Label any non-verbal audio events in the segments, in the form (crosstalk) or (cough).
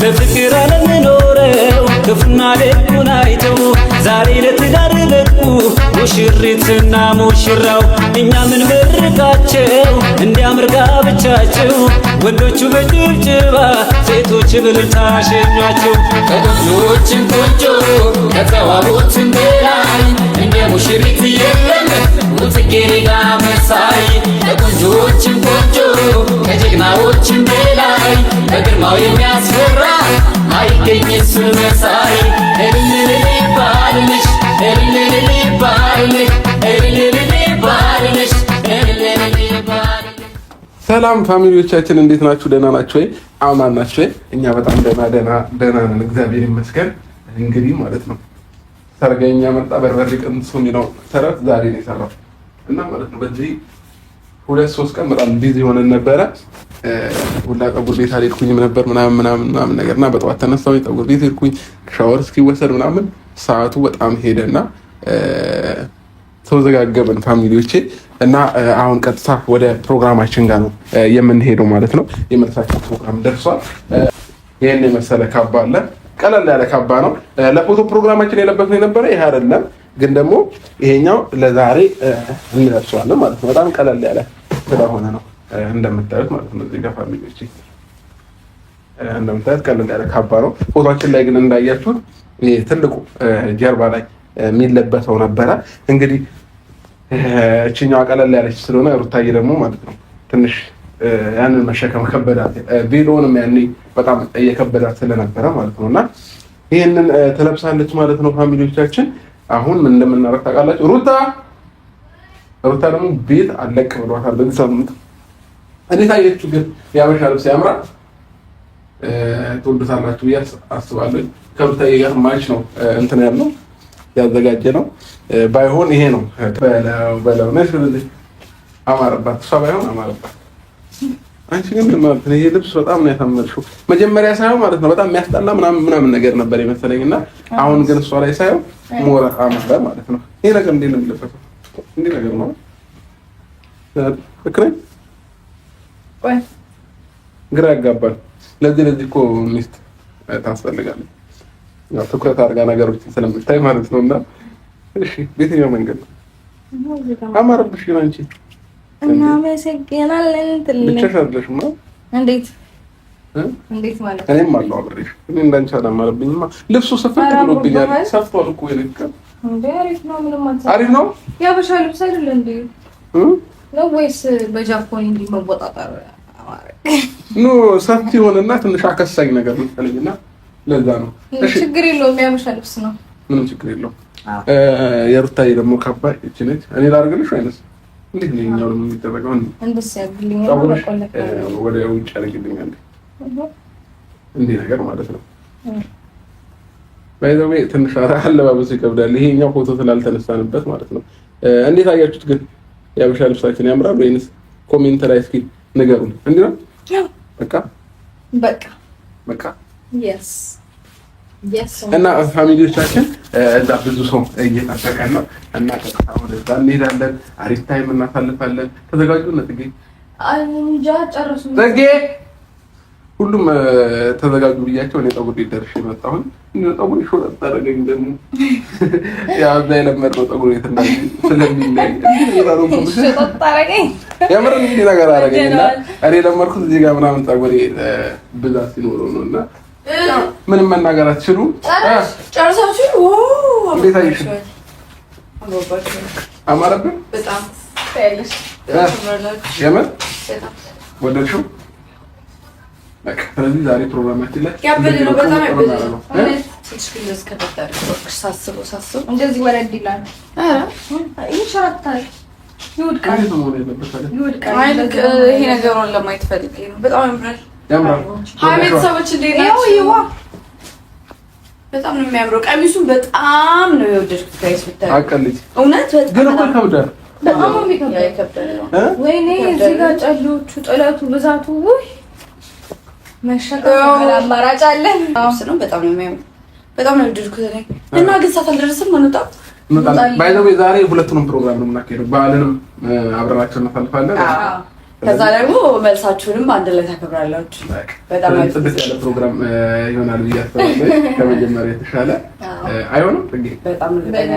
በፍቅር አለመኖረው ክፉና ደጉን አይተው ዛሬ ለትዳር በቁ ሙሽሪትና ሙሽራው እኛ ምን መርቃቸው እንዲያምር ጋብቻቸው ወንዶቹ በጭብጭባ ሴቶች በእልልታ ሸኟቸው። ከቆንጆዎችን ቆንጆ ከተዋቦችን ገላይ እንደ ሙሽሪት የለም ሙጽጌሬዳ መሳይ ከቆንጆዎችን ቆንጆ ከጀግናዎችን ገላይ በግርማው የሚያስፈራ አይገኝስ መሳይ እልል ይባል ሰላም ፋሚሊዎቻችን እንዴት ናችሁ? ደህና ናችሁ ወይ? አማን ናችሁ ወይ? እኛ በጣም ደህና ደህና ደህና ነን፣ እግዚአብሔር ይመስገን። እንግዲህ ማለት ነው ሰርገኛ መጣ በርበሬ ቅንሱ የሚለው ተረት ዛሬ ነው የሰራው እና ማለት ነው በዚህ ሁለት ሶስት ቀን በጣም ቢዚ ሆነን ነበረ። ሁላ ጠጉር ቤት አልሄድኩኝም ነበር ምናምን ምናምን ምናምን ነገር እና በጠዋት ተነሳሁኝ ጠጉር ቤት ሄድኩኝ ሻወር እስኪወሰድ ምናምን ሰዓቱ በጣም ሄደና ተወዘጋገብን ፋሚሊዎቼ እና አሁን ቀጥታ ወደ ፕሮግራማችን ጋር ነው የምንሄደው ማለት ነው። የመልሳችን ፕሮግራም ደርሷል። ይህን የመሰለ ካባ አለ። ቀለል ያለ ካባ ነው። ለፎቶ ፕሮግራማችን የለበስነው የነበረ ይህ አይደለም፣ ግን ደግሞ ይሄኛው ለዛሬ እንለብሰዋለን ማለት ነው። በጣም ቀለል ያለ ስለሆነ ነው እንደምታዩት ማለት ነው እዚህ ጋር ፋሚሊዎቼ እንደምታየት ቀለል ያለ ካባ ነው። ፎቶችን ላይ ግን እንዳያችሁት ትልቁ ጀርባ ላይ የሚለበሰው ነበረ። እንግዲህ እችኛዋ ቀለል ያለች ስለሆነ ሩታዬ ደግሞ ማለት ነው ትንሽ ያንን መሸከም ከበዳት፣ ቪሎንም ያኔ በጣም እየከበዳት ስለነበረ ማለት ነው እና ይህንን ትለብሳለች ማለት ነው። ፋሚሊዎቻችን አሁን ምን እንደምናደርግ ታውቃላችሁ። ሩታ ሩታ ደግሞ ቤት አለቅ ብሏታል በዚህ ሳምንት። እንዴት አየችሁ ግን? የአበሻ ልብስ ያምራል። ትወዱታላችሁ ብዬ አስባለሁ። ከብርታዬ ጋር ማች ነው እንትን ያለው ያዘጋጀ ነው። ባይሆን ይሄ ነው በለው በለው ነሽ አማረባት፣ እሷ ባይሆን አማረባት። አንቺ ግን ማለት ነው ይሄ ልብስ በጣም ነው ያሳመርሽው። መጀመሪያ ሳይሆን ማለት ነው በጣም የሚያስጠላ ምናምን ምናምን ነገር ነበር የመሰለኝ እና አሁን ግን እሷ ላይ ሳይሆን ሞራ አማረ ማለት ነው። ይሄ ነገር እንዴት ነው የሚለበሰው? እንዴት ነገር ነው ግራ ያጋባል። ለዚህ ለዚህ እኮ ሚስት ታስፈልጋለች። ትኩረት አድርጋ ነገሮችን ስለምታይ ማለት ነው። እና እሺ፣ ቤተኛው መንገድ ነው አማረብሽ። ግን አንቺ እናመሰግናለን። ብቻሽ አይደለሽማ። እንዴት እንዴት ማለት እኔም አለው ልብሱ ስፍት ብሎብኛል። ሰፍቷል እኮ አሪፍ ነው። ምንም ያበሻ ልብስ አይደለ እንዴ ነው ወይስ በጃፖን እንዲህ መወጣጠር ኖ ሰፊ የሆነና ትንሽ አከሳኝ ነገር መሰለኝና ለዛ ነው። ችግር የለውም፣ ያበሻ ልብስ ነው፣ ምንም ችግር የለውም። የሩታዬ ደግሞ ካባ እቺ ነች። እኔ ላድርግልሽ ወይንስ እንዴት ነው የሚለው የሚደረገው? ወደ ውጭ ያደርግልኝ እንዲህ ነገር ማለት ነው። ባይ ዘ ባይዘዌ ትንሽ አለባበሱ ይከብዳል። ይሄኛው ፎቶ ስላልተነሳንበት ማለት ነው። እንዴት አያችሁት ግን? የአበሻ ልብሳችን ያምራል ወይንስ? ኮሜንት ላይ እስኪ ንገሩን። እንዲህ ነው በቃ በቃ እና ፋሚሊዎቻችን እዛ ብዙ ሰው እየጠበቀን ነው እና ወደዛ እንሄዳለን። አሪፍ ታይም እናሳልፋለን። ተዘጋጁ። ነጽጌ እንጃ ጽጌ ሁሉም ተዘጋጁ ብያቸው እኔ ፀጉር ሊደርሽ የመጣሁን ፀጉር ሾ ጠረገኝ። ደግሞ ያዛ የለመድነው ፀጉር ቤት እና ስለሚለኝ የምር እንዲህ ነገር አረገኝ እና እኔ ለመድኩት እዚህ ጋር ምናምን ፀጉር ብዛት ሲኖረው ነው እና ምንም መናገር አትችሉ ጨርሳችሁ እንዴት አየሽ? አማረብን በጣም የምር ወደድሽው? በቃ ስለዚህ ዛሬ ፕሮግራማችን ላይ ያበል ነው። በጣም ያበል ነው። ትንሽ ግን እስከተጠረ ሳስበው ሳስበው እንደዚህ ወረድ ይላል። ይንሸራታል፣ ይወድቃል፣ ይሄ ነገሩን ለማየት ፈልጌ ነው። በጣም ያምራል፣ ያምራል። ቤተሰቦች እንዴት ናቸው? በጣም ነው የሚያምረው። ቀሚሱን በጣም ነው የወደድኩት። ጋይስ ብታይ አቀልጭ እውነት ግን እኮ ይከብዳል፣ በጣም ነው ወይኔ እዚህ ጋር ጨሎቹ ጥለቱ ብዛቱ ውይ መሸከም በጣም ነው የሚያምር። በጣም ነው የወደድኩት እኔ እና ግን ሰዓት አልደረስም። ዛሬ ሁለቱንም ፕሮግራም ነው የምናካሄደው። በዓልንም አብረናቸው እናሳልፋለን። ከዛ ደግሞ መልሳችሁንም አንድ ላይ ታከብራላችሁ። በጣም ጽድት ያለ ፕሮግራም ይሆናል ብዬ አስባለሁ። ከመጀመሪያ የተሻለ አይሆንም። በጣም እርግጠኛ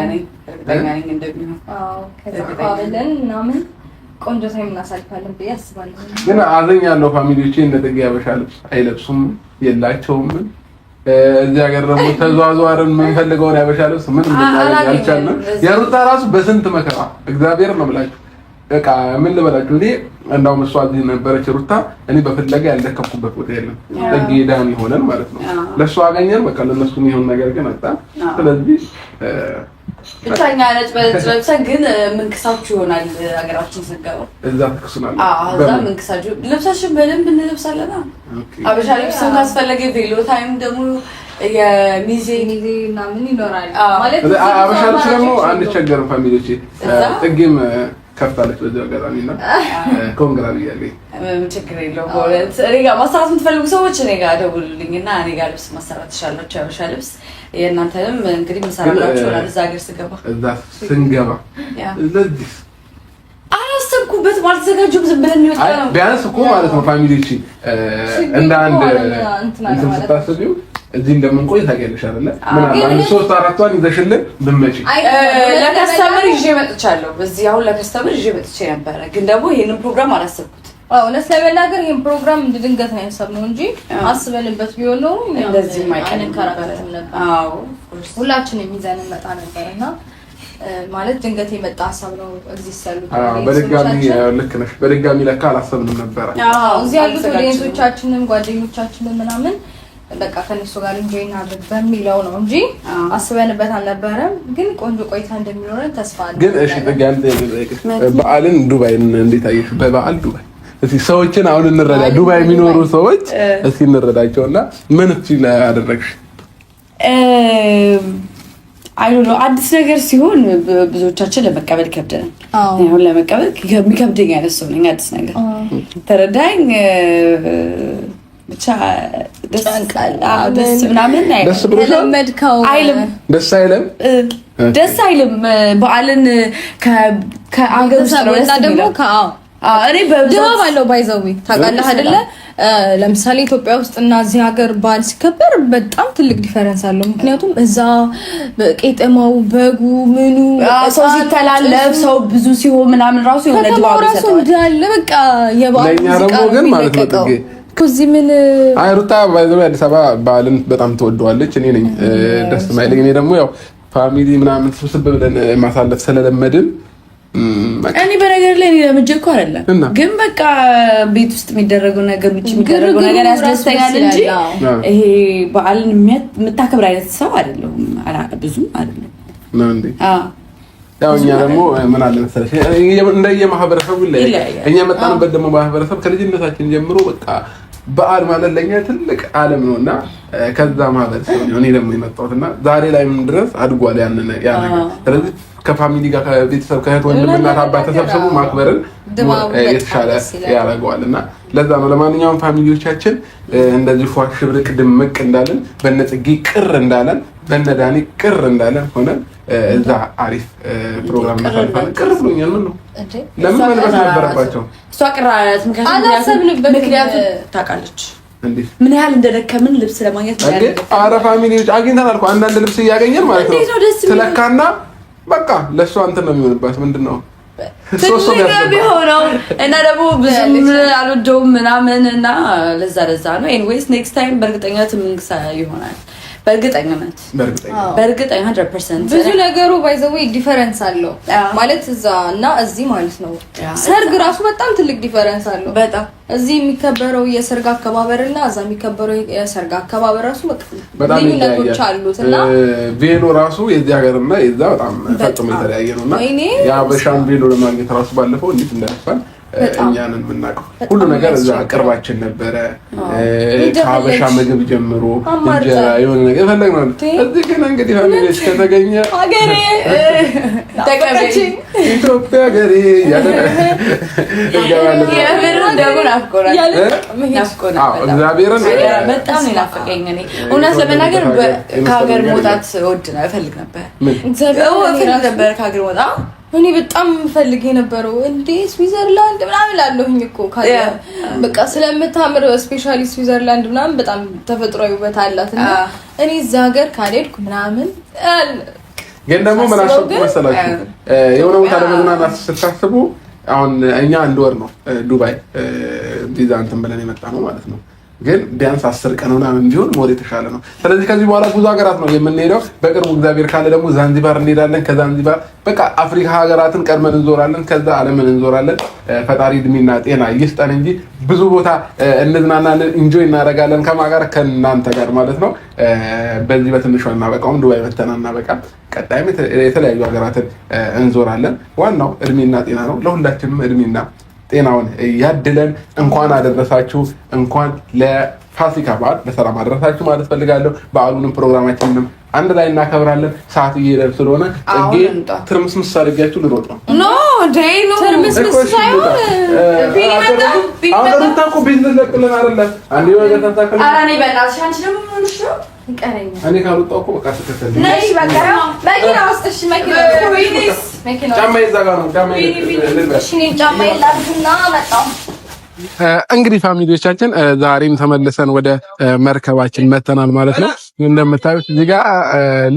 ነኝ እንደሚሆን ከዛ ምናምን ቆንጆ ታይም እናሳልፋለን ብዬ አስባለሁ። ግን አዘኛለሁ። ፋሚሊዎቼ እንደ ጥጌ ያበሻ ልብስ አይለብሱም፣ የላቸውም። እዚህ ሀገር ደግሞ ተዟዟርን የምንፈልገውን ያበሻ ልብስ ምን አልቻልንም። የሩታ ራሱ በስንት መከራ እግዚአብሔር ነው ብላችሁ በቃ ምን ልበላችሁ፣ እኔ እንዳውም እሷ እዚህ ነበረች ሩታ፣ እኔ በፍለጋ ያልደከምኩበት ቦታ የለም። ጥጌ ዳን ይሆነን ማለት ነው ለእሷ አገኘን፣ በቃ ለእነሱ የሚሆን ነገር ግን አጣ። ስለዚህ ብቻ እኛ ነጭ ለብሰን ግን ምንክሳችሁ ይሆናል። ሀገራችን ስንገባ እዛ ትክሱናል። እዛ ምንክሳችሁ ልብሳችን በደንብ እንለብሳለና አበሻ ልብስም ካስፈለገ ቬሎ ታይም ደግሞ የሚዜ ሚዜ ምናምን ይኖራል። አበሻ ልብስ ደግሞ አንቸገርም። ፋሚሊዎቼ ጥጌም ከፍታለች በዚህ አጋጣሚ እና ኮንግራ ብያለኝ። ችግር የለውም። እኔ ጋር ማሰራት የምትፈልጉ ሰዎች እኔ ጋር ደውሉልኝ እና እኔ ጋር ልብስ ማሰራት ትችላላችሁ። አበሻ ልብስ የእናንተንም እንግዲህ ምሰራላችሁ ሆናል። እዛ ሀገር ስገባ ስንገባ ለዚህ አላሰብኩበትም፣ አልተዘጋጁም። ዝም ብለን ይወጣል። ቢያንስ እኮ ማለት ነው ፋሚሊዎች እንደ አንድ እንትን ስታስቢው እዚህ እንደምንቆይ ታውቂያለሽ አይደለ? ምናልባት ሶስት አራቷን ይዘሽልን ብትመጪ ለከስተምር ይዤ መጥቻለሁ። እዚህ አሁን ለከስተምር ይዤ መጥቼ ነበረ፣ ግን ደግሞ ይሄንን ፕሮግራም አላሰብኩት እውነት ለመናገር ይህን ፕሮግራም እንደ ድንገት ነው ያሰብነው እንጂ አስበንበት ቢሆን ኖሮ አንከራከርም ነበር። ሁላችንም ይዘን እንመጣ ነበር እና ማለት ድንገት የመጣ ሀሳብ ነው። ኤግዚስት ያሉት በድጋሚ ልክ ነሽ፣ በድጋሚ ለካ አላሰብንም ነበረ። እዚህ ያሉት ኦዲየንሶቻችንም ጓደኞቻችንም ምናምን በቃ ከነሱ ጋር እንጆይ እናድርግ በሚለው ነው እንጂ አስበንበት አልነበረም። ግን ቆንጆ ቆይታ እንደሚኖረን ተስፋ አለ። ግን እሺ፣ በዓልን ዱባይን እንዴት አየሽ? በበዓል ዱባይ እስቲ ሰዎችን አሁን እንረዳ። ዱባይ የሚኖሩ ሰዎች እንረዳቸው እና ምን እስቲ ያደረግሽ? አይ ዶንት አዲስ ነገር ሲሆን ብዙዎቻችን ለመቀበል ይከብደናል። አሁን ለመቀበል የሚከብደኝ አይነት ሰው ነኝ። አዲስ ነገር ተረዳኝ ብቻ ደስ ምናምን አይልም፣ ደስ አይልም፣ ደስ አይልም። በዓልን ከአገር ውስጥ ነው ደስ እኔ ድባብ አለው ባይዘዊ ታውቃለህ አይደለ? ለምሳሌ ኢትዮጵያ ውስጥ እና እዚህ ሀገር በዓል ሲከበር በጣም ትልቅ ዲፈረንስ አለው። ምክንያቱም እዛ ቄጠማው፣ በጉ፣ ምኑ ሰው ሲተላለፍ ሰው ብዙ ሲሆን ምናምን ራሱ የሆነ ድባብ ይሰጣል። እንዳለ በቃ የበዓል ሙዚቃ ግን ማለት ነው። እዚህ ምን አይ ሩታ አዲስ አበባ በዓልን በጣም ትወደዋለች። እኔ ነኝ ደስ ማይለኝ። እኔ ደግሞ ያው ፋሚሊ ምናምን ስብስብ ብለን ማሳለፍ ስለለመድን እኔ በነገር ላይ እኔ ለምጄ እኮ አይደለም፣ ግን በቃ ቤት ውስጥ የሚደረገው ነገር ውጭ የሚደረገው ነገር ያስደስተኛል እንጂ ይሄ በዓልን የምታከብር አይነት ሰው አይደለሁም፣ ብዙም አይደለም። ያው እኛ ደግሞ ምን አለ መሰለሽ እንደየ ማህበረሰቡ ይለያያል። እኛ መጣንበት ደግሞ ማህበረሰብ ከልጅነታችን ጀምሮ በቃ በዓል ማለት ለኛ ትልቅ ዓለም ነው እና ከዛ ማህበረሰብ ነው እኔ ደግሞ የመጣሁት እና ዛሬ ላይም ድረስ አድጓል ያ ነገር ስለዚህ ከፋሚሊ ጋር ከቤተሰብ ከእህት ወንድም እናት አባት ተሰብስቦ ማክበርን የተሻለ ያደርገዋል እና ለዛ ነው ለማንኛውም ፋሚሊዎቻችን እንደዚህ ፏ ሽብርቅ ድምቅ እንዳለን በነጽጌ ቅር እንዳለን በነዳኔ ቅር እንዳለን ሆነን እዛ አሪፍ ፕሮግራም እናሳልፋለን። ቅር ብሎኛል። ምን ነው ለምን መልበስ ነበረባቸው? እሷ ቅር ምክንያቱ ምክንያቱም ታውቃለች ምን ያህል እንደደከምን ልብስ ለማግኘት አረ ፋሚሊዎች አግኝተናል እኮ አንዳንድ ልብስ እያገኘን ማለት ነው ትለካና በቃ ለእሷ አንተ ነው የሚሆንባት። ምንድን ነው ቢሆነው እና ደግሞ ብዙም አልወደውም ምናምን እና ለዛ ለዛ ነው። ኤኒዌይስ ኔክስት ታይም በእርግጠኛ ትምንግሳ ይሆናል። በእርግጠኝነት በእርግጠኝ ብዙ ነገሩ ባይዘወይ ዲፈረንስ አለው ማለት እዛ እና እዚህ ማለት ነው። ሰርግ ራሱ በጣም ትልቅ ዲፈረንስ አለው። በጣም እዚህ የሚከበረው የሰርግ አከባበር እና እዛ የሚከበረው የሰርግ አከባበር ራሱ ልዩነቶች አሉት እና ቬሎ ራሱ የዚህ ሀገር እና የዛ በጣም ፈጽሞ የተለያየ ነው እና የአበሻን ቬሎ ለማግኘት ራሱ ባለፈው እንዴት እንዳያስፋል እኛንን የምናውቀው ሁሉ ነገር እዛ ቅርባችን ነበረ። ከሀበሻ ምግብ ጀምሮ እንጀራ የሆነ ነገር የፈለግነው እዚህ ግን እንግዲህ ፋሚሊዎች ከተገኘ ኢትዮጵያ ሀገሬ (laughs) እግዚአብሔርን በጣም ናፈቀኝ። እውነት ለመናገር ከሀገር መውጣት እወድ እፈልግ ነበር፣ ነበር ከሀገር መውጣት እኔ በጣም የምፈልግ የነበረው እንዴ ስዊዘርላንድ ምናምን ላለሁኝ እኮ በቃ ስለምታምር ስፔሻሊ ስዊዘርላንድ ምናምን በጣም ተፈጥሯዊ ውበት አላት እና እኔ እዛ ሀገር ካልሄድኩ ምናምን ግን ደግሞ ምናሰቡ መሰላችሁ የሆነ ቦታ ለመዝናናት ስታስቡ አሁን እኛ አንድ ወር ነው ዱባይ ቪዛ እንትን ብለን የመጣ ነው ማለት ነው ግን ቢያንስ አስር ቀን ምናምን ቢሆን ሞር የተሻለ ነው። ስለዚህ ከዚህ በኋላ ብዙ ሀገራት ነው የምንሄደው። በቅርቡ እግዚአብሔር ካለ ደግሞ ዛንዚባር እንሄዳለን። ከዛንዚባር በቃ አፍሪካ ሀገራትን ቀድመን እንዞራለን፣ ከዛ ዓለምን እንዞራለን። ፈጣሪ እድሜና ጤና ይስጠን እንጂ ብዙ ቦታ እንዝናናለን፣ ኢንጆይ እናደርጋለን። ከማን ጋር? ከእናንተ ጋር ማለት ነው። በዚህ በትንሿ እናበቃውም። ዱባይ መተና እናበቃ። ቀጣይም የተለያዩ ሀገራትን እንዞራለን። ዋናው እድሜና ጤና ነው። ለሁላችንም እድሜና ጤናውን ያድለን። እንኳን አደረሳችሁ፣ እንኳን ለፋሲካ በዓል በሰላም አደረሳችሁ ማለት ፈልጋለሁ። በዓሉንም ፕሮግራማችንንም አንድ ላይ እናከብራለን። ሰዓቱ እየሄደ ስለሆነ እጌ ትርምስ ምሳሌ ጊያችሁ ልሮጥ ነው። ቢዝነስ ለቅልን አይደለም አንዴ እኔ ካልወጣሁ እኮ በቃ ተከተል። መኪና ውስጥ እሺ፣ መኪና እዛ ጋር ነው። ላድርግና መጣሁ። እንግዲህ ፋሚሊዎቻችን ዛሬም ተመልሰን ወደ መርከባችን መተናል ማለት ነው። እንደምታዩት እዚህ ጋር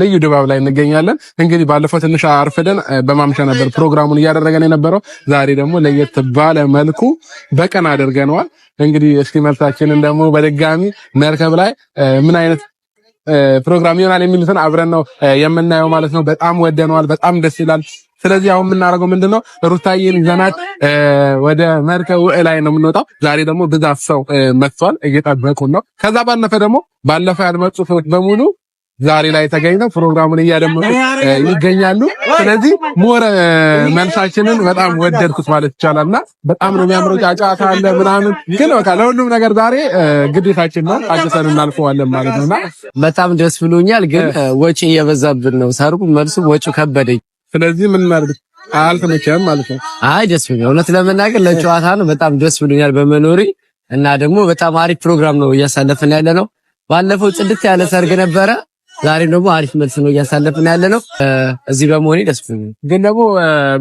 ልዩ ድባብ ላይ እንገኛለን። እንግዲህ ባለፈው ትንሽ አርፍደን በማምሻ ነበር ፕሮግራሙን እያደረገን የነበረው። ዛሬ ደግሞ ለየት ባለ መልኩ በቀን አድርገነዋል። እንግዲህ እስኪ መልሳችንን ደግሞ በድጋሚ መርከብ ላይ ምን አይነት ፕሮግራም ይሆናል የሚሉትን አብረን ነው የምናየው ማለት ነው። በጣም ወደነዋል። በጣም ደስ ይላል። ስለዚህ አሁን የምናደርገው ምንድነው ሩታዬን ይዘናት ወደ መርከው ላይ ነው የምንወጣው። ዛሬ ደግሞ ብዛት ሰው መጥቷል፣ እየጠበቁን ነው። ከዛ ባለፈ ደግሞ ባለፈ ያልመጡ ሰዎች በሙሉ ዛሬ ላይ ተገኝተው ፕሮግራሙን እያደመጡ ይገኛሉ። ስለዚህ ሞር መልሳችንን በጣም ወደድኩት ማለት ይቻላልና በጣም ነው የሚያምረው። ጫጫታ አለ ምናምን፣ ግን በቃ ለሁሉም ነገር ዛሬ ግዴታችን ነው፣ አጭሰን እናልፈዋለን ማለት ነውና በጣም ደስ ብሎኛል። ግን ወጪ እየበዛብን ነው ሰርጉ፣ መልሱ ወጪ ከበደኝ። ስለዚህ ምን ማለት አልተመቸም ማለት ነው። አይ ደስ ብሎኛል፣ እውነት ለመናገር ለጨዋታ ነው። በጣም ደስ ብሎኛል በመኖሪ እና ደግሞ በጣም አሪፍ ፕሮግራም ነው እያሳለፍን ያለ ነው። ባለፈው ጽድት ያለ ሰርግ ነበረ። ዛሬም ደግሞ አሪፍ መልስ ነው እያሳለፍን ያለ ነው። እዚህ በመሆኔ ደስ ብሎኛል። ግን ደግሞ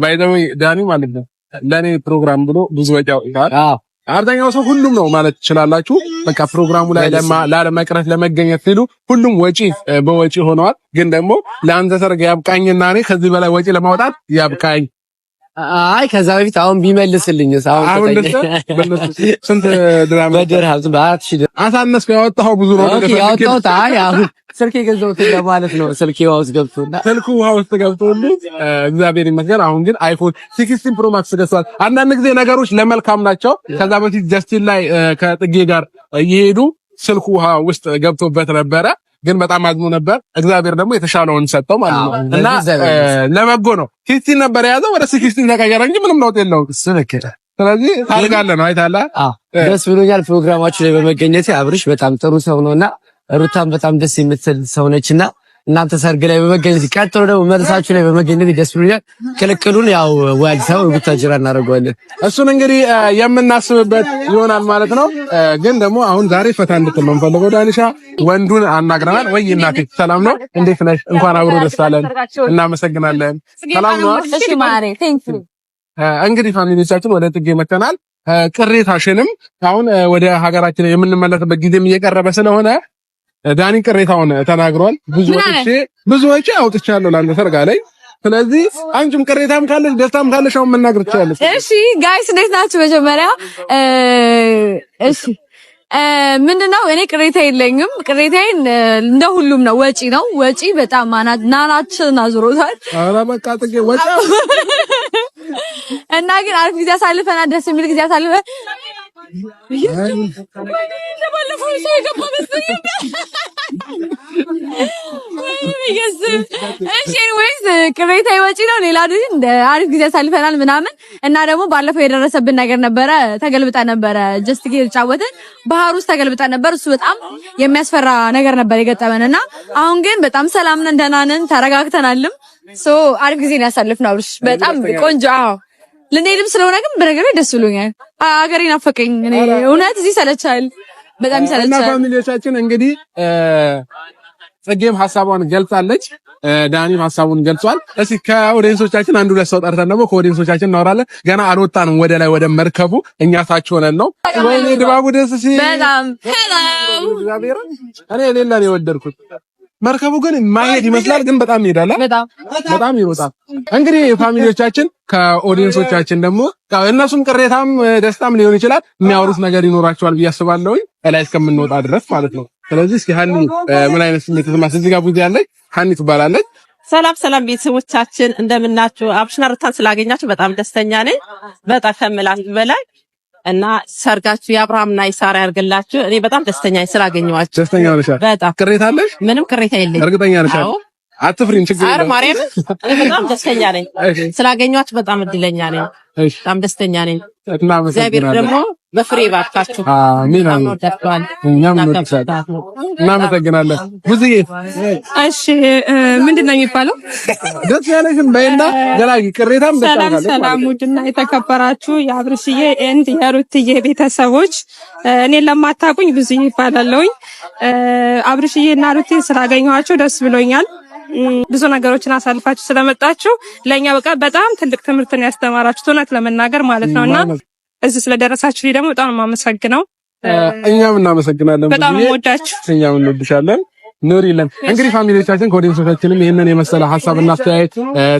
ባይዘዊ ዳኒ ማለት ነው ለእኔ ፕሮግራም ብሎ ብዙ ወጪ ያወጣል። አብዛኛው ሰው ሁሉም ነው ማለት ትችላላችሁ። በቃ ፕሮግራሙ ላይ ላለመቅረት ለመገኘት ሲሉ ሁሉም ወጪ በወጪ ሆነዋል። ግን ደግሞ ለአንተ ሰርግ ያብቃኝና እኔ ከዚህ በላይ ወጪ ለማውጣት ያብቃኝ አይ ከዛ በፊት አሁን ቢመልስልኝ ሳሁን አሁን ስንት ድራም ሀብት በአራት ሺ አሳነስኩ። ያወጣኸው ብዙ ነው። ኦኬ ያወጣሁት አይ አሁን ስልክ የገዛሁት ለማለት ነው። ስልክ ውሃ ውስጥ ገብቶና ስልኩ ውሃ ውስጥ ገብቶልኝ እግዚአብሔር ይመስገን። አሁን ግን አይፎን 16 ፕሮ ማክስ ገዝቷል። አንዳንድ ጊዜ ነገሮች ለመልካም ናቸው። ከዛ በፊት ጀስቲን ላይ ከጥጌ ጋር እየሄዱ ስልኩ ውሃ ውስጥ ገብቶበት ነበረ። ግን በጣም አዝኖ ነበር። እግዚአብሔር ደግሞ የተሻለውን ሰጠው ማለት ነው እና ለበጎ ነው። ሲክስቲን ነበር የያዘው ወደ ሲክስቲን ተቀየረ እንጂ ምንም ለውጥ የለውም። ስለዚህ ታድጋለህ ነው አይታላ። ደስ ብሎኛል ፕሮግራማችሁ ላይ በመገኘቴ አብርሽ በጣም ጥሩ ሰው ነውና ሩታም በጣም ደስ የምትል ሰው ነችና እናንተ ሰርግ ላይ በመገኘት ቀጥሎ ደግሞ መልሳችሁ ላይ በመገኘት ደስ ብሎኛል። ክልክሉን ያው ወልድ ሰው ቡታጅራ እናደርገዋለን። እሱን እንግዲህ የምናስብበት ይሆናል ማለት ነው። ግን ደግሞ አሁን ዛሬ ፈታ እንድትል ነው የምፈልገው። ወንዱን አናግረናል። ወይ እናቴ ሰላም ነው፣ እንዴት ነሽ? እንኳን አብሮ ደስ አለን። እናመሰግናለን። ሰላም ነው። እንግዲህ ፋሚሊዎቻችን ወደ ጥጌ መተናል። ቅሬታሽንም አሁን ወደ ሀገራችን የምንመለስበት ጊዜም እየቀረበ ስለሆነ ዳኒ ቅሬታውን ተናግሯል። ብዙ ወጪ ብዙ ወጪ አውጥቻለሁ ለአንተ ሰርጋ ላይ። ስለዚህ አንቺም ቅሬታም ካለሽ ደስታም ካለሽ አሁን መናገር ትችላለሽ። እሺ ጋይስ እንዴት ናችሁ? መጀመሪያ እሺ ምንድነው እኔ ቅሬታ የለኝም። ቅሬታዬን እንደ ሁሉም ነው፣ ወጪ ነው። ወጪ በጣም ናናችን አዝሮታል። ኧረ በቃ ጥጌ ወጪ እና ግን አሪፍ ጊዜ አሳልፈናል። ደስ የሚል ጊዜ አሳልፈናል። ለባለፈው ሰው የገባ መስሎኝ ወይስ ቅሬታ ይወጪ ነው። ሌላ አሪፍ ጊዜ አሳልፈናል ምናምን እና ደግሞ ባለፈው የደረሰብን ነገር ነበረ። ተገልብጠ ነበረ ጀስት ጌር ጫወትን ባህር ውስጥ ተገልብጠ ነበር። እሱ በጣም የሚያስፈራ ነገር ነበር የገጠመን እና አሁን ግን በጣም ሰላም ነን፣ ደህና ነን፣ ተረጋግተናልም። ሶ አሪፍ ጊዜ ነው ያሳልፍነው። አብርሽ በጣም ቆንጆ። አዎ ልንሄድም ስለሆነ ግን በነገር ደስ ብሎኛል። አገሬ ናፈቀኝ። እውነት እዚህ ሰለቻል፣ በጣም ሰለቻል። እና ፋሚሊዎቻችን እንግዲህ ጽጌም ሀሳቧን ገልጻለች፣ ዳኒም ሀሳቡን ገልጿል። እስኪ ከኦዲንሶቻችን አንዱ ሁለት ሰው ጠርተን ደግሞ ከኦዲየንሶቻችን እናወራለን። ገና አልወጣንም ወደ ላይ ወደ መርከቡ፣ እኛ ታች ሆነን ነው። ወይኔ ድባቡ ደስ ሲል በጣም በጣም እኔ ሌላ ነው የወደድኩት መርከቡ ግን ማሄድ ይመስላል፣ ግን በጣም ይሄዳል፣ በጣም በጣም ይሮጣል። እንግዲህ ፋሚሊዎቻችን ከኦዲየንሶቻችን ደግሞ እነሱም ቅሬታም ደስታም ሊሆን ይችላል የሚያወሩት ነገር ይኖራቸዋል ብዬ አስባለሁ፣ ላይ እስከምንወጣ ድረስ ማለት ነው። ስለዚህ እስኪ ሀኒ ምን አይነት ስሜት ተሰማሽ? እዚህ ጋር ቡዚ ያለች ሀኒ ትባላለች። ሰላም ሰላም ቤተሰቦቻችን እንደምናችሁ። አብሽና ሩታን ስላገኛችሁ በጣም ደስተኛ ነኝ፣ በጣም ከምላችሁ በላይ እና ሰርጋችሁ የአብርሃምና የሳራ ያርግላችሁ። እኔ በጣም ደስተኛ ስላገኘኋችሁ። ደስተኛ ነሽ? በጣም ቅሬታ አለሽ? ምንም ቅሬታ የለኝም። እርግጠኛ ነሽ? አትፍሪም፣ ችግር የለም። ማርያም በጣም ደስተኛ ነኝ ስላገኟት፣ በጣም እድለኛ ነኝ፣ በጣም ደስተኛ ነኝ። እግዚአብሔር ደግሞ በፍሬ ባካችሁ። አሚን አሚን። እኛም እናመሰግናለን። ብዙዬ እሺ፣ ምንድን ነው የሚባለው? ደስ ያለሽን በይና ገላጊ ቅሬታም ደስ ሰላም ሰላም። ውድና የተከበራችሁ የአብርሽዬ ኤንድ የሩትዬ ቤተሰቦች እኔን ለማታቁኝ ብዙዬ ይባላለሁኝ። አብርሽዬ እና ሩቴን ስላገኘኋቸው ደስ ብሎኛል። ብዙ ነገሮችን አሳልፋችሁ ስለመጣችሁ ለእኛ በቃ በጣም ትልቅ ትምህርትን ያስተማራችሁት እውነት ለመናገር ማለት ነው እና እዚህ ስለደረሳችሁ ደግሞ በጣም የማመሰግነው። እኛም እናመሰግናለን። በጣም ወዳችሁ፣ እኛም እንወድሻለን። ኑሪልን። እንግዲህ ፋሚሊዎቻችን ከኦዲየንሶቻችንም ይህንን የመሰለ ሀሳብና አስተያየት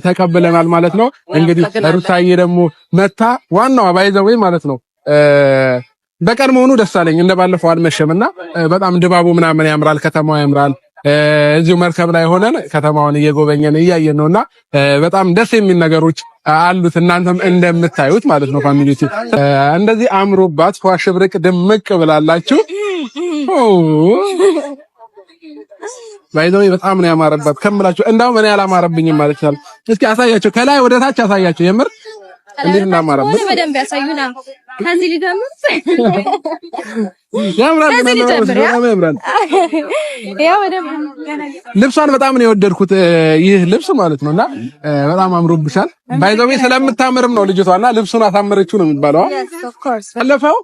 ተቀብለናል ማለት ነው። እንግዲህ ሩታዬ ደግሞ መታ ዋናዋ ባይዘወይ ማለት ነው በቀድሞውኑ ደስ አለኝ። እንደባለፈው አልመሸምና በጣም ድባቡ ምናምን ያምራል፣ ከተማው ያምራል። እዚሁ መርከብ ላይ ሆነን ከተማውን እየጎበኘን እያየን ነውና በጣም ደስ የሚል ነገሮች አሉት። እናንተም እንደምታዩት ማለት ነው ፋሚሊቲ እንደዚህ አምሮባት ፏሽብርቅ ድምቅ ብላላችሁ። ባይዘው በጣም ነው ያማረባት ከምላችሁ። እንዳውም እኔ አላማረብኝም ማለት ይችላል። እስኪ አሳያቸው፣ ከላይ ወደ ታች አሳያቸው የምር እንዴት እናማራበት በደንብ ያሳዩና ከዚህ ሊጀምር ልብሷን በጣም ነው የወደድኩት፣ ይህ ልብስ ማለት ነው በጣም አምሮብሻል። ባይዘዌ ስለምታምርም ነው ልጅቷና ልብሱን አሳመረችው ነው የሚባለው። አለፈው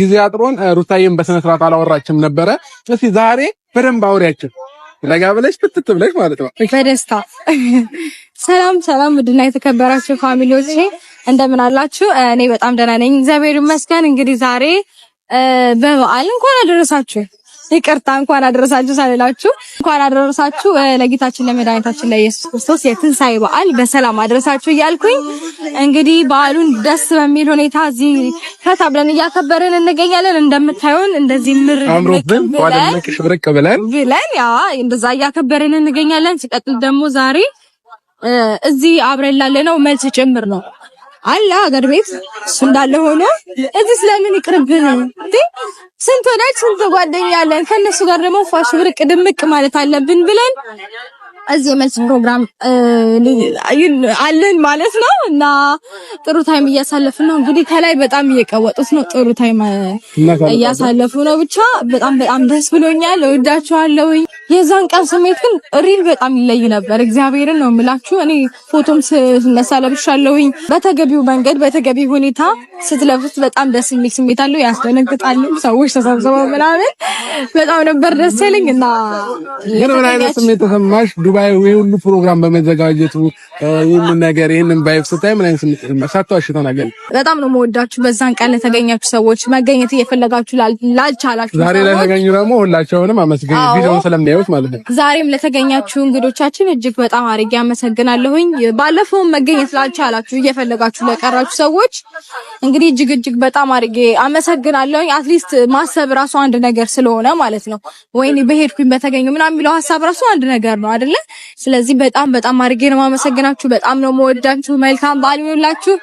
ጊዜ አጥሮን ሩታዬም በስነ ስርዓት አላወራችም ነበረ። እስኪ ዛሬ በደንብ አውሪያችን ለጋ ብለሽ ፍትት ብለሽ ማለት ነው በደስታ ሰላም ሰላም፣ ውድና የተከበራችሁ ፋሚሊዎች እንደምን አላችሁ? እኔ በጣም ደህና ነኝ፣ እግዚአብሔር ይመስገን። እንግዲህ ዛሬ በበዓል እንኳን አደረሳችሁ፣ ይቅርታ እንኳን አደረሳችሁ ሳልላችሁ እንኳን አደረሳችሁ ለጌታችን ለመድኃኒታችን ለኢየሱስ ክርስቶስ የትንሣኤ በዓል በሰላም አደረሳችሁ እያልኩኝ እንግዲህ በዓሉን ደስ በሚል ሁኔታ እዚህ ፈታ ብለን እያከበርን እንገኛለን። እንደምታዩን እንደዚህ ምር አምሮብን ሽብርቅ ብለን ብለን ያ እንደዛ እያከበርን እንገኛለን። ሲቀጥል ደግሞ ዛሬ እዚህ አብረን ላለነው መልስ ጭምር ነው አለ ሀገር ቤት እሱ እንዳለ ሆኖ እዚህ ስለምን ይቅርብን ስንት ወዳጅ ስንት ጓደኛ አለን። ከነሱ ጋር ደግሞ ፋሽ ብርቅ ድምቅ ማለት አለብን ብለን እዚህ የመልስ ፕሮግራም አለን ማለት ነው እና ጥሩ ታይም እያሳለፍን ነው። እንግዲህ ከላይ በጣም እየቀወጡት ነው። ጥሩ ታይም እያሳለፉ ነው። ብቻ በጣም በጣም ደስ ብሎኛል። እወዳችኋለሁ። የዛን ቀን ስሜት ግን ሪል በጣም ይለይ ነበር። እግዚአብሔርን ነው የምላችሁ። እኔ ፎቶም ስነሳ ለብሻለሁኝ። በተገቢው መንገድ በተገቢ ሁኔታ ስትለብሱት በጣም ደስ የሚል ስሜት አለው። ያስደነግጣሉ። ሰዎች ተሰብስበው ምናምን በጣም ነበር ደስ ይለኝ እና ምን አይነት ስሜት ተሰማሽ? ዱባይ ሁሉ ፕሮግራም በመዘጋጀቱ ይህንን ነገር ይህንን ባይፍ ስታይ ምን አይነት ሳታዋሽ ተናገር። በጣም ነው መወዳችሁ። በዛን ቀን ለተገኛችሁ ሰዎች መገኘት እየፈለጋችሁ ላልቻላችሁ ዛሬ ለተገኙ ደግሞ ሁላቸውንም አመስገኝ ቪዲዮን ስለሚያዩት ማለት ነው። ዛሬም ለተገኛችሁ እንግዶቻችን እጅግ በጣም አድርጌ አመሰግናለሁኝ። ባለፈውን መገኘት ላልቻላችሁ እየፈለጋችሁ ለቀራችሁ ሰዎች እንግዲህ እጅግ እጅግ በጣም አድርጌ አመሰግናለሁኝ። አትሊስት ማሰብ ራሱ አንድ ነገር ስለሆነ ማለት ነው። ወይኔ በሄድኩኝ በተገኘ ምናምን የሚለው ሀሳብ ራሱ አንድ ነገር ነው አይደለ? ስለዚህ በጣም በጣም አድርጌ ነው የማመሰግናችሁ። በጣም ነው የምወዳችሁ። መልካም በዓል ይሁንላችሁ።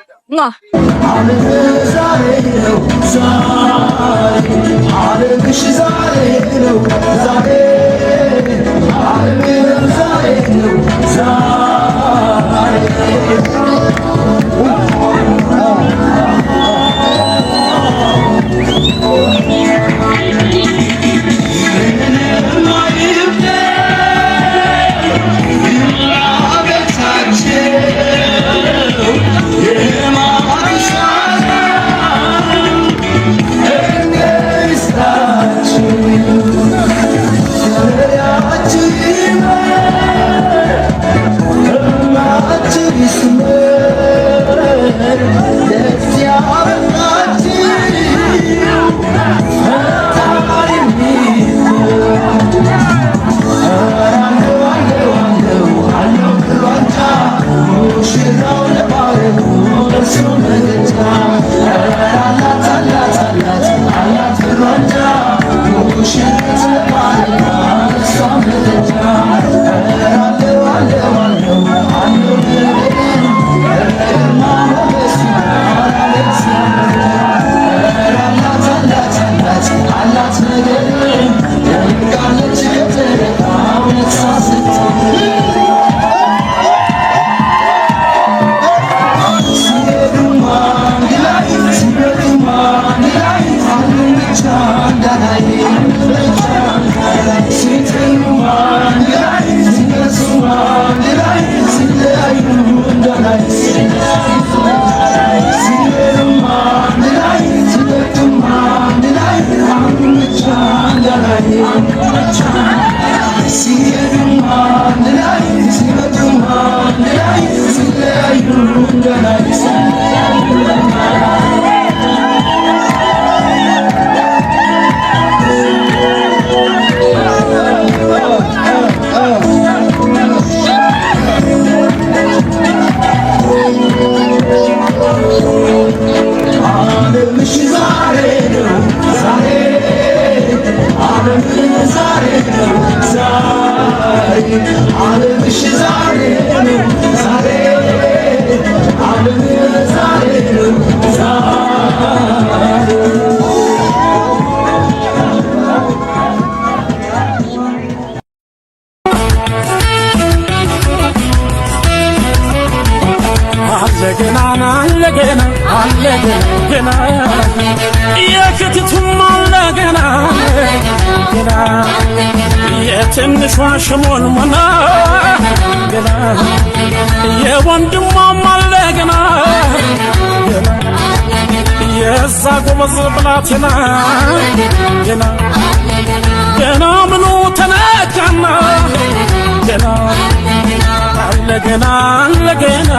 አለ ገና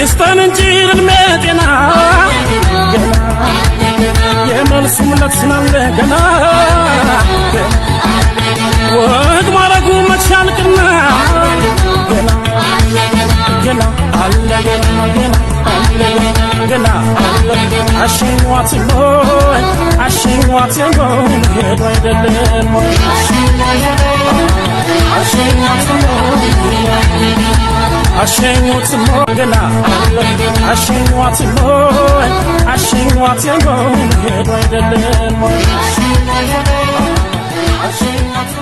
ይስጠን እንጂ እድሜ ጤና የመልሱም ለቅሱን አለ ገና ወግ ማረጉ መቻልቅና ገና gela alle gela gela alle gela alle I she wants to go I she wants to go get right the lane I she wants to go I she wants to go gela I she wants to go I she wants to go get right the lane I she wants to